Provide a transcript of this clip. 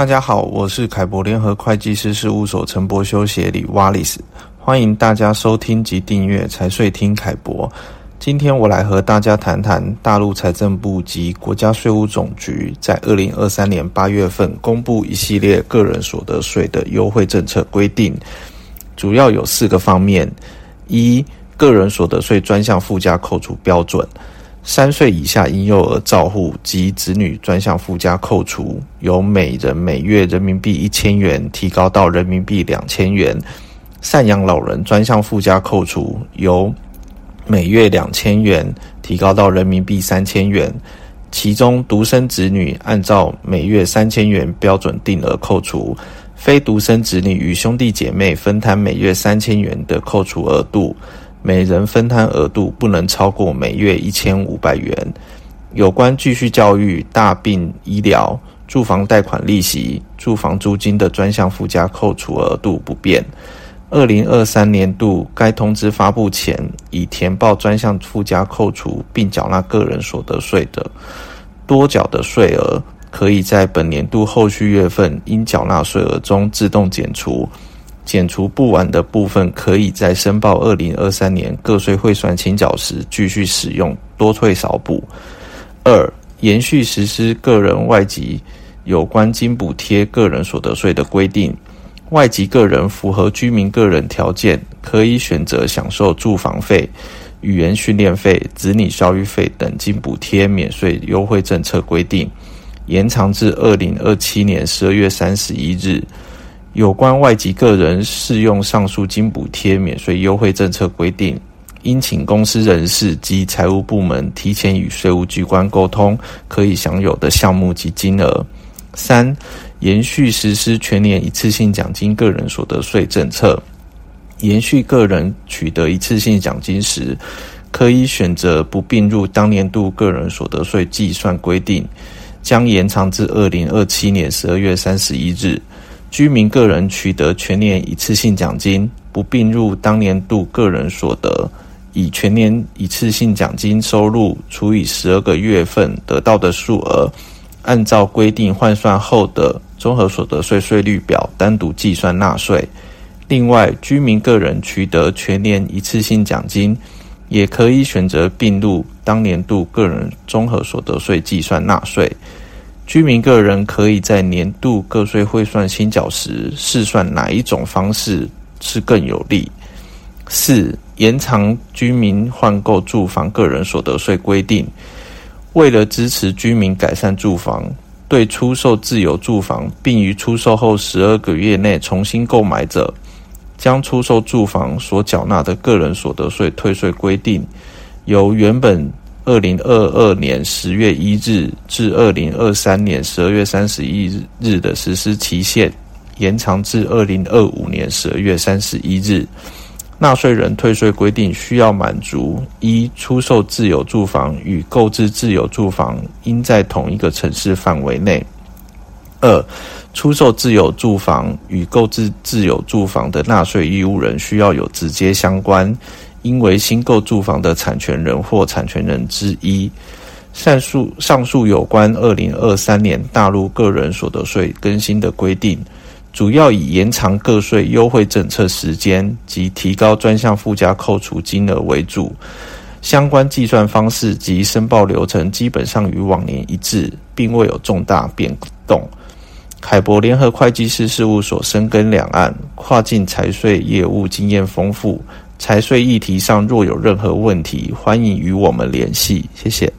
大家好，我是凱博聯合會計師事務所陳博修協理 Wallace，歡迎大家收聽及訂閱財稅聽凱博。今天我來和大家談談大陸財政部及國家稅務總局在二零二三年八月份公布一系列個人所得稅的優惠政策規定，主要有四個方面：一、個人所得稅專項附加扣除標準。三歲以下嬰幼兒照護及子女專項附加扣除由每人每月人民幣一千元提高到人民幣兩千元，贍養老人專項附加扣除由每月兩千元提高到人民幣三千元，其中獨生子女按照每月三千元標準定額扣除，非獨生子女與兄弟姐妹分攤每月三千元的扣除額度。每人分攤額度不能超過每月一千五百元。有關繼續教育、大病醫療、住房貸款利息、住房租金的專項附加扣除額度不變。二零二三年度該通知發布前已填報專項附加扣除並繳納個人所得稅的，多繳的稅額可以在本年度後續月份應繳納稅額中自動減除。減除不完的部分，可以在申報二零二三年個稅匯算清繳時繼續使用，多退少補。二、延續實施個人外籍有關津補貼個人所得稅的規定，外籍個人符合居民個人條件，可以選擇享受住房費、語言訓練費、子女教育費等津補貼免稅優惠政策規定，延長至二零二七年十二月三十一日。有關外籍個人適用上述津補貼免稅優惠政策規定，應請公司人事及財務部門提前與稅務機關溝通，可以享有的項目及金額。三、延續實施全年一次性獎金個人所得稅政策，延續個人取得一次性獎金時，可以選擇不併入當年度個人所得稅計算規定，將延長至二零二七年十二月三十一日。居民個人取得全年一次性獎金，不併入當年度個人所得，以全年一次性獎金收入除以十二個月份得到的數額，按照規定換算後的綜合所得稅稅率表單獨計算納稅。另外，居民個人取得全年一次性獎金，也可以選擇併入當年度個人綜合所得稅計算納稅。居民個人可以在年度個稅匯算清繳時試算哪一種方式是更有利。四、延長居民換購住房個人所得稅規定，為了支持居民改善住房，對出售自有住房並於出售後十二個月內重新購買者，將出售住房所繳納的個人所得稅退稅規定由原本。二零二二年十月一日至二零二三年十二月三十一日的實施期限延長至二零二五年十二月三十一日。納稅人退稅規定需要滿足：一、出售自有住房與購置自有住房應在同一個城市範圍內；二、出售自有住房與購置自有住房的納稅義務人需要有直接相關。因為新購住房的產權人或產權人之一。上述上述有關二零二三年大陸個人所得稅更新的規定，主要以延長個稅優惠政策時間及提高專項附加扣除金額為主，相關計算方式及申報流程基本上與往年一致，並未有重大變動。凱博聯合會計師事務所深耕兩岸跨境財稅業務，經驗豐富。財稅議題上若有任何問題，歡迎與我們聯繫，謝謝。